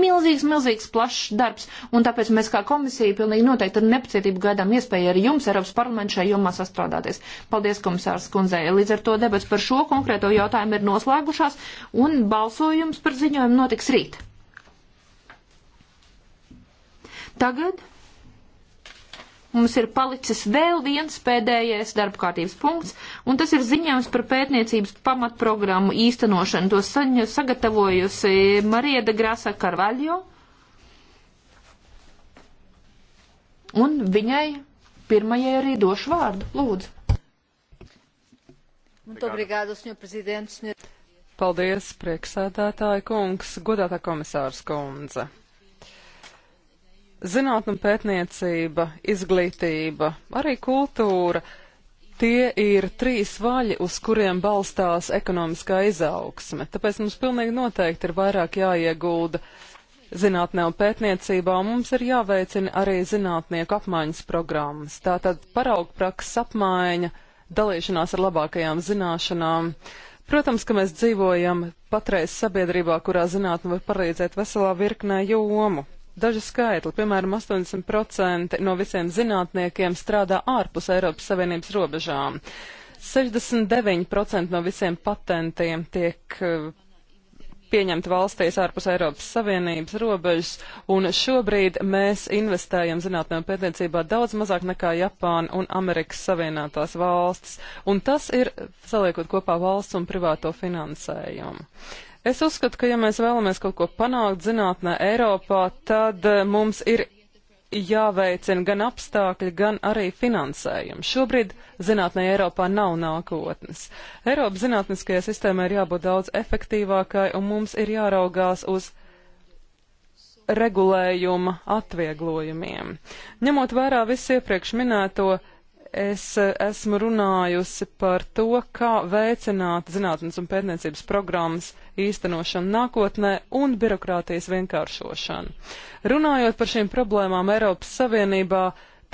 milzīgs, milzīgs plašs darbs, un tāpēc mēs kā komisija pilnīgi noteikti ar nepacietību gaidām iespēju ar jums, Eiropas parlamentu, šajā jomā sastrādāties. Paldies, komisārs Kunzē. Līdz ar to debats par šo konkrēto jautājumu ir noslēgušās, un balsojums par ziņojumu notiks rīt. Tagad Mums ir palicis vēl viens pēdējais darba kārtības punkts, un tas ir ziņojums par pētniecības pamatprogrammu īstenošanu. To saņu, sagatavojusi Marija de Grasa Karvaļo, un viņai pirmajai arī došu vārdu. Lūdzu. Obrigado, senhor presidente, senhor... Paldies, prieksēdētāji kungs, godātā komisārs kundze. Zinātne un pētniecība, izglītība, arī kultūra - tie ir trīs vaļi, uz kuriem balstās ekonomiskā izaugsme. Tāpēc mums pilnīgi noteikti ir vairāk jāiegulda zinātnē un pētniecībā, un mums ir jāveicina arī zinātnieku apmaiņas programmas. Tātad paraugprakses apmaiņa, dalīšanās ar labākajām zināšanām. Protams, ka mēs dzīvojam patreiz sabiedrībā, kurā zinātne var palīdzēt veselā virknē jomu. Daži skaitli, piemēram, 80% no visiem zinātniekiem strādā ārpus Eiropas Savienības robežām. 69% no visiem patentiem tiek eh, pieņemti valstīs ārpus Eiropas Savienības robežas, un šobrīd mēs investējam zinātnē un pētniecībā daudz mazāk nekā Japāna un Amerikas Savienotās valstis, un tas ir saliekot kopā valsts un privāto finansējumu. Uh, Es uzskatu, ka ja mēs vēlamies kaut ko panākt zinātnē Eiropā, tad eh, mums ir jāveicina gan apstākļi, gan arī finansējumi. Šobrīd zinātnē Eiropā nav nākotnes. Eiropas zinātniskajai sistēmai ir jābūt daudz efektīvākai, un mums ir jāraugās uz regulējuma atvieglojumiem. Ņemot vērā visu iepriekš minēto, es eh, esmu runājusi par to, kā veicināt zinātnes un pētniecības programmas īstenošanu nākotnē un birokrātijas vienkāršošanu. Runājot par šīm problēmām Eiropas Savienībā,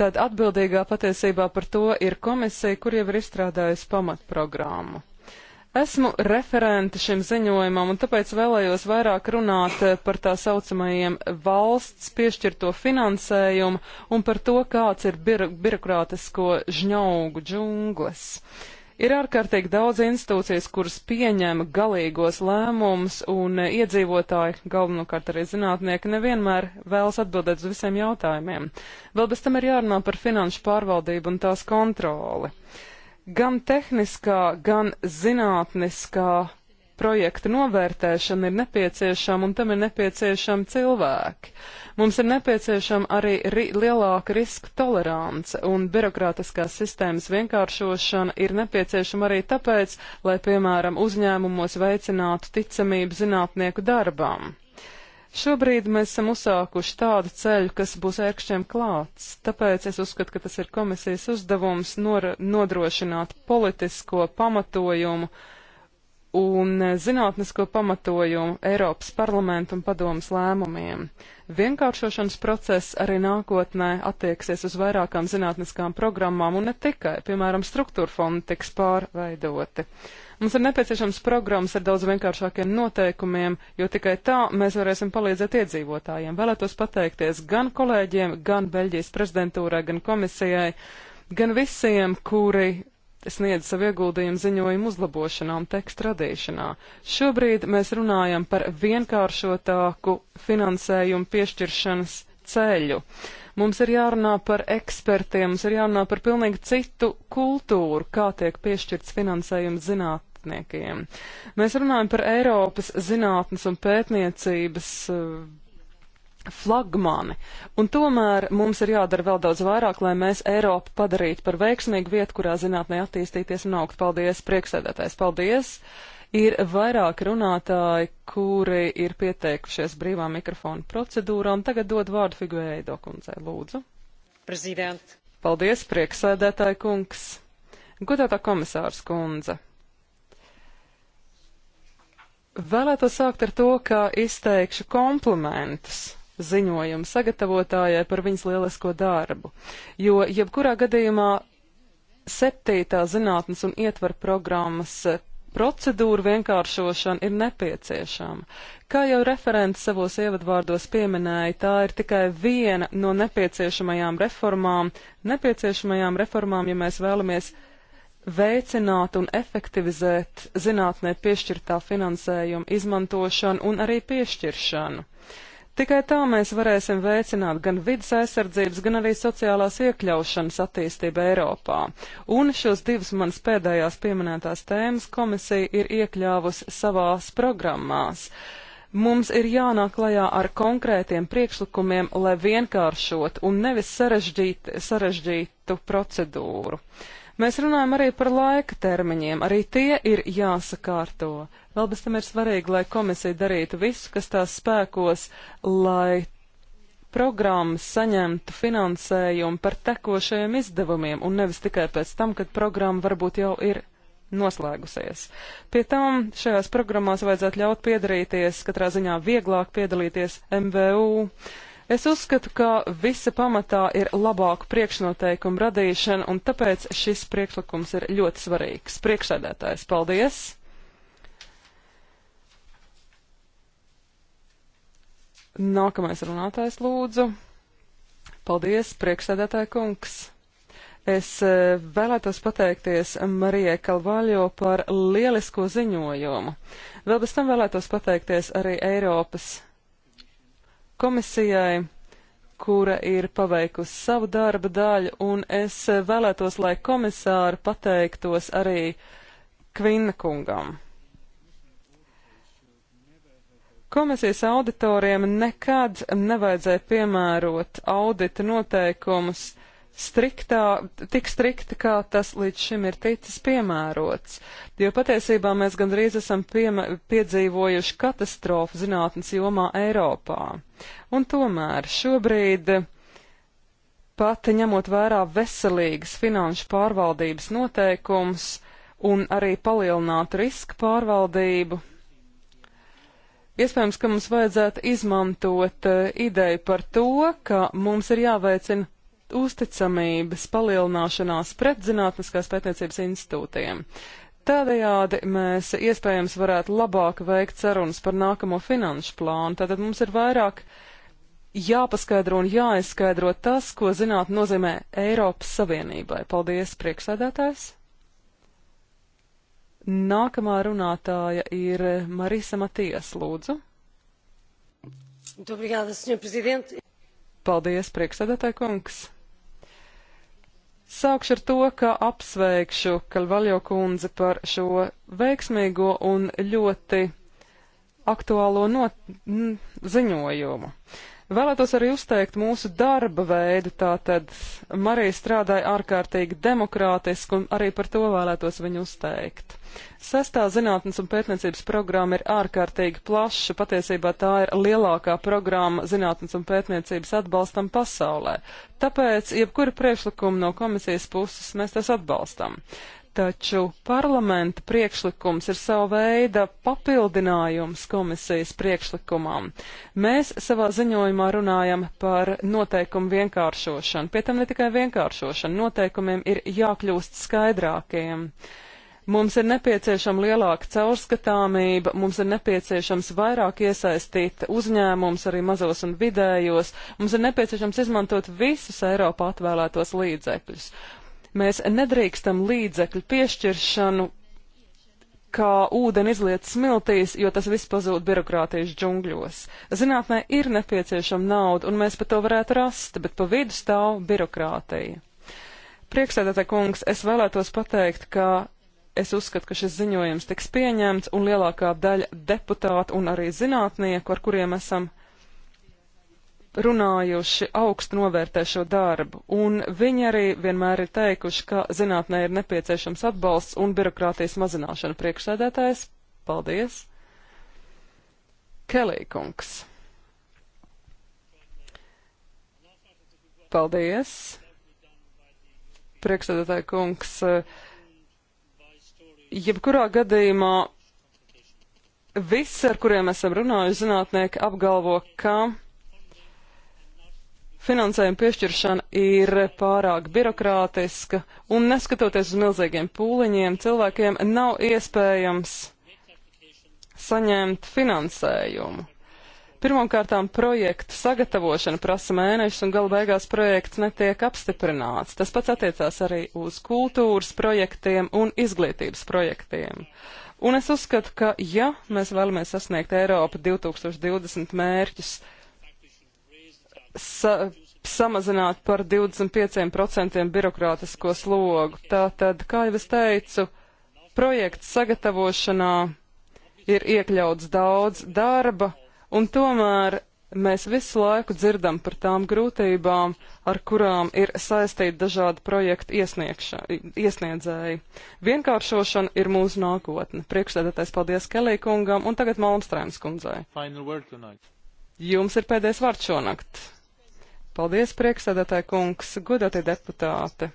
tad atbildīgā patiesībā par to ir komisija, kur jau ir izstrādājusi pamatprogrammu. Esmu referente šim ziņojumam, un tāpēc vēlējos vairāk runāt eh, par tā saucamajiem valsts piešķirto finansējumu un par to, kāds ir bir birokrātisko žņaugu džungles. Uh, Ir ārkārtīgi daudz institūcijas, kuras pieņem galīgos lēmumus, un eh, iedzīvotāji, galvenokārt arī zinātnieki, nevienmēr vēlas atbildēt uz visiem jautājumiem. Vēl bez tam ir jārunā par finanšu pārvaldību un tās kontroli. Gan tehniskā, gan zinātniskā projekta novērtēšana ir nepieciešama un tam ir nepieciešama cilvēki. Mums ir nepieciešama arī ri lielāka riska tolerance un birokrātiskās sistēmas vienkāršošana ir nepieciešama arī tāpēc, lai, piemēram, uzņēmumos veicinātu ticamību zinātnieku darbām. Šobrīd mēs esam uzsākuši tādu ceļu, kas būs ērkšķiem klāts, tāpēc es uzskatu, ka tas ir komisijas uzdevums nodrošināt politisko pamatojumu un zinātnisko pamatojumu Eiropas parlamentu un padomas lēmumiem. Vienkāršošanas process arī nākotnē attieksies uz vairākām zinātniskām programmām un ne tikai, piemēram, struktūra fonda tiks pārveidoti. Mums ir nepieciešams programmas ar daudz vienkāršākiem noteikumiem, jo tikai tā mēs varēsim palīdzēt iedzīvotājiem. Vēlētos pateikties gan kolēģiem, gan Beļģijas prezidentūrai, gan komisijai, gan visiem, kuri sniedz savu ieguldījumu ziņojumu uzlabošanā un tekstu radīšanā. Šobrīd mēs runājam par vienkāršotāku finansējumu piešķiršanas ceļu. Mums ir jārunā par ekspertiem, mums ir jārunā par pilnīgi citu kultūru, kā tiek piešķirts finansējums zinātniekiem. Mēs runājam par Eiropas zinātnes un pētniecības uh, flagmani. Un tomēr mums ir jādara vēl daudz vairāk, lai mēs Eiropu padarītu par veiksmīgu vietu, kurā zinātnē attīstīties un augt. Paldies, prieksēdētājs, paldies! Ir vairāk runātāji, kuri ir pieteikušies brīvā mikrofona procedūrā, un tagad dod vārdu Figueido kundzei, lūdzu. Prezident. Paldies, prieksēdētāji kungs! Godātā komisārs kundze! Vēlētos sākt ar to, ka izteikšu komplimentus ziņojumu sagatavotājai par viņas lielisko darbu, jo jebkurā gadījumā septītā zinātnes un ietver programmas eh, procedūru vienkāršošana ir nepieciešama. Kā jau referents savos ievadvārdos pieminēja, tā ir tikai viena no nepieciešamajām reformām, nepieciešamajām reformām, ja mēs vēlamies veicināt un efektivizēt zinātnē piešķirtā finansējuma izmantošanu un arī piešķiršanu. Uh, Tikai tā mēs varēsim veicināt gan vidas aizsardzības, gan arī sociālās iekļaušanas attīstību Eiropā. Un šos divus manas pēdējās pieminētās tēmas komisija ir iekļāvusi savās programmās. Mums ir jānāk klajā ar konkrētiem priekšlikumiem, lai vienkāršot un nevis sarežģīt, sarežģītu procedūru. Uh, Mēs runājam arī par laika termiņiem, arī tie ir jāsakārto. Vēl bez tam ir svarīgi, lai komisija darītu visu, kas tās spēkos, lai programmas saņemtu finansējumu par tekošajiem izdevumiem un nevis tikai pēc tam, kad programma varbūt jau ir noslēgusies. Pie tam šajās programmās vajadzētu ļaut piedarīties, katrā ziņā vieglāk piedalīties MVU. Uh, Es uzskatu, ka visa pamatā ir labāku priekšnoteikumu radīšana, un tāpēc šis priekšlikums ir ļoti svarīgs. Priekšsēdētājs, paldies! Nākamais runātājs lūdzu. Paldies, priekšsēdētāja kungs! Es e, vēlētos pateikties Marijai Kalvaļo par lielisko ziņojumu. Vēl bez tam vēlētos pateikties arī Eiropas komisijai, kura ir paveikusi savu darba daļu, un es vēlētos, lai komisāri pateiktos arī Kvinna kungam. Komisijas auditoriem nekad nevajadzēja piemērot audita noteikumus, uh, striktā, tik strikti, kā tas līdz šim ir ticis piemērots. Jo patiesībā mēs gandrīz esam piemē, piedzīvojuši katastrofu zinātnes jomā Eiropā. Un tomēr šobrīd pat ņemot vērā veselīgas finanšu pārvaldības noteikums un arī palielinātu riska pārvaldību, Iespējams, ka mums vajadzētu izmantot eh, ideju par to, ka mums ir jāveicina uzticamības palielināšanās pret Zinātniskās pētniecības institūtiem. Tādējādi mēs iespējams varētu labāk veikt sarunas par nākamo finanšu plānu. Tātad mums ir vairāk jāpaskaidro un jāizskaidro tas, ko zināt nozīmē Eiropas Savienībai. Paldies, priekšsēdētājs! Nākamā runātāja ir Marisa Matijas, lūdzu. Obrigada, Paldies, priekšsēdētāja kungs! Sākšu ar to, ka apsveikšu Kalvaļo kundzi par šo veiksmīgo un ļoti aktuālo no ziņojumu. Vēlētos arī uzteikt mūsu darba veidu, tātad Marija strādāja ārkārtīgi demokrātiski, un arī par to vēlētos viņu uzteikt. Sestā zinātnes un pētniecības programma ir ārkārtīgi plaša, patiesībā tā ir lielākā programma zinātnes un pētniecības atbalstam pasaulē. Tāpēc, jebkura priekšlikuma no komisijas puses, mēs tas atbalstam taču parlamenta priekšlikums ir sava veida papildinājums komisijas priekšlikumam. Mēs savā ziņojumā runājam par noteikumu vienkāršošanu. Pie tam ne tikai vienkāršošanu, noteikumiem ir jākļūst skaidrākiem. Mums ir nepieciešama lielāka caurskatāmība, mums ir nepieciešams vairāk iesaistīt uzņēmums, arī mazos un vidējos, mums ir nepieciešams izmantot visus Eiropā atvēlētos līdzekļus. Mēs nedrīkstam līdzekļu piešķiršanu kā ūdeni izliet smiltīs, jo tas viss pazūd birokrātijas džungļos. Zinātnē ir nepieciešama nauda, un mēs pat to varētu rast, bet pa vidu stāv birokrātija. Priekšsēdētāj kungs, es vēlētos pateikt, ka es uzskatu, ka šis ziņojums tiks pieņemts, un lielākā daļa deputātu un arī zinātnieku, ar kuriem esam runājuši augstu novērtē šo darbu, un viņi arī vienmēr ir teikuši, ka zinātnē ir nepieciešams atbalsts un birokrātijas mazināšana. Priekšsēdētājs, paldies! Kelīkungs. Paldies! Priekšsēdētāja kungs. Jebkurā gadījumā visi, ar kuriem esam runājuši, zinātnieki apgalvo, ka finansējuma piešķiršana ir pārāk birokrātiska, un neskatoties uz milzīgiem pūliņiem, cilvēkiem nav iespējams saņemt finansējumu. Pirmkārtām projekta sagatavošana prasa mēnešus, un gala beigās projekts netiek apstiprināts. Tas pats attiecās arī uz kultūras projektiem un izglītības projektiem. Un es uzskatu, ka ja mēs vēlamies sasniegt Eiropa 2020 mērķus, sa samazināt par 25% birokrātisko slogu. Tātad, kā jau es teicu, projekts sagatavošanā ir iekļauts daudz darba, un tomēr mēs visu laiku dzirdam par tām grūtībām, ar kurām ir saistīti dažādi projektu iesniedzēji. Vienkāršošana ir mūsu nākotne. Priekšsēdētais paldies Kelī kungam un tagad Malmstrēms kundzei. Jums ir pēdējais vārds šonakt. Paldies, priekšsēdētāji kungs, godātie deputāti.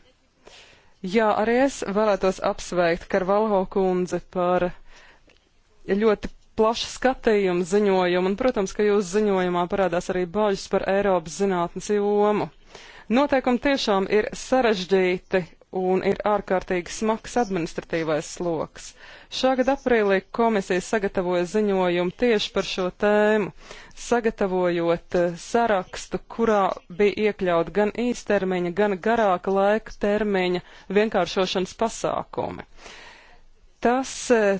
Jā, arī es vēlētos apsveikt Karvalho kundzi par ļoti plašu skatījumu ziņojumu, un, protams, ka jūsu ziņojumā parādās arī bažas par Eiropas zinātnes jomu. Noteikumi tiešām ir sarežģīti un ir ārkārtīgi smags administratīvais sloks. Šā gada aprīlī komisija sagatavoja ziņojumu tieši par šo tēmu, sagatavojot eh, sarakstu, kurā bija iekļaut gan īstermiņa, gan garāka laika termiņa vienkāršošanas pasākumi. Tas eh,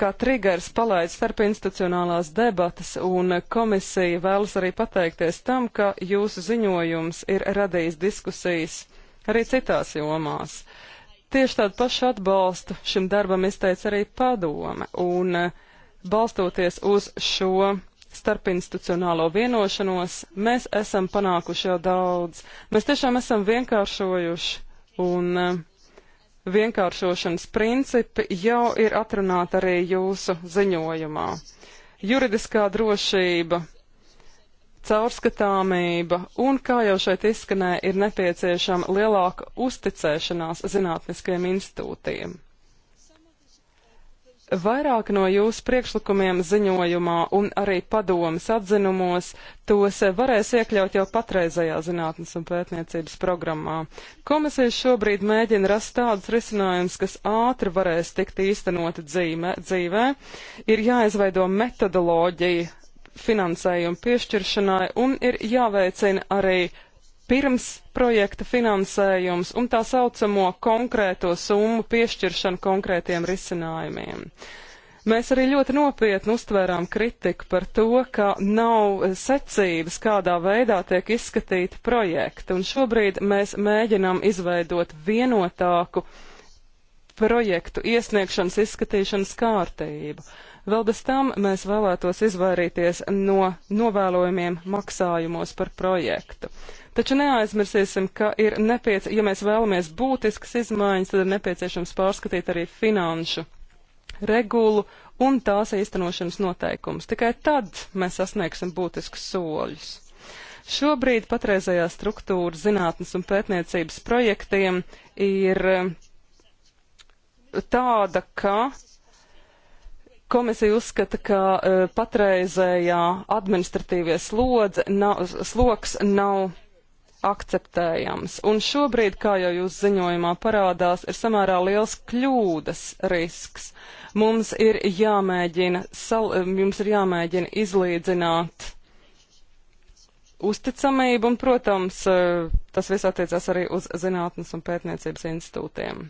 kā triggers palaid starp institucionālās debatas, un komisija vēlas arī pateikties tam, ka jūsu ziņojums ir radījis diskusijas arī citās jomās. Tieši tādu pašu atbalstu šim darbam izteica arī padome, un eh, balstoties uz šo starpinstitucionālo vienošanos, mēs esam panākuši jau daudz. Mēs tiešām esam vienkāršojuši, un eh, vienkāršošanas principi jau ir atrunāti arī jūsu ziņojumā. Juridiskā drošība caurskatāmība un, kā jau šeit izskanēja, ir nepieciešama lielāka uzticēšanās zinātniskajiem institūtiem. Vairāk no jūsu priekšlikumiem ziņojumā un arī padomas atzinumos tos varēs iekļaut jau patreizajā zinātnes un pētniecības programmā. Komisija šobrīd mēģina rast tādus risinājumus, kas ātri varēs tikt īstenoti dzīvē. Ir jāizveido metodoloģija finansējuma piešķiršanai un ir jāveicina arī pirms projekta finansējums un tā saucamo konkrēto summu piešķiršanu konkrētiem risinājumiem. Mēs arī ļoti nopietni uztvērām kritiku par to, ka nav secības, kādā veidā tiek izskatīti projekti, un šobrīd mēs mēģinām izveidot vienotāku projektu iesniegšanas izskatīšanas kārtību. Uh, Vēl bez tam mēs vēlētos izvairīties no novēlojumiem maksājumos par projektu. Taču neaizmirsīsim, ka ir nepieciešams, ja mēs vēlamies būtiskas izmaiņas, tad ir nepieciešams pārskatīt arī finanšu regulu un tās īstenošanas noteikumus. Tikai tad mēs sasniegsim būtiskus soļus. Šobrīd patreizējā struktūra zinātnes un pētniecības projektiem ir eh, tāda, ka Komisija uzskata, ka uh, patreizējā administratīvie slodze nav, sloks nav akceptējams. Un šobrīd, kā jau jūs ziņojumā parādās, ir samērā liels kļūdas risks. Mums ir jāmēģina, sal, mums ir jāmēģina izlīdzināt uzticamību, un, protams, eh, tas viss attiecās arī uz zinātnes un pētniecības institūtiem.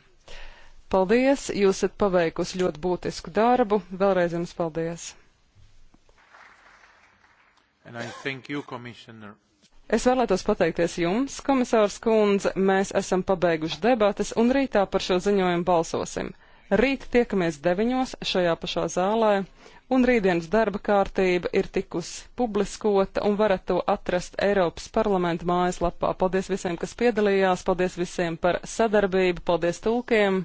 Paldies, jūs esat paveikusi ļoti būtisku darbu. Vēlreiz jums paldies. You, es vēlētos pateikties jums, komisārs kundze. Mēs esam pabeiguši debates un rītā par šo ziņojumu balsosim. Rīt tiekamies deviņos šajā pašā zālē, un rītdienas darba kārtība ir tikusi publiskota, un varat to atrast Eiropas parlamenta mājaslapā. Paldies visiem, kas piedalījās, paldies visiem par sadarbību, paldies tulkiem!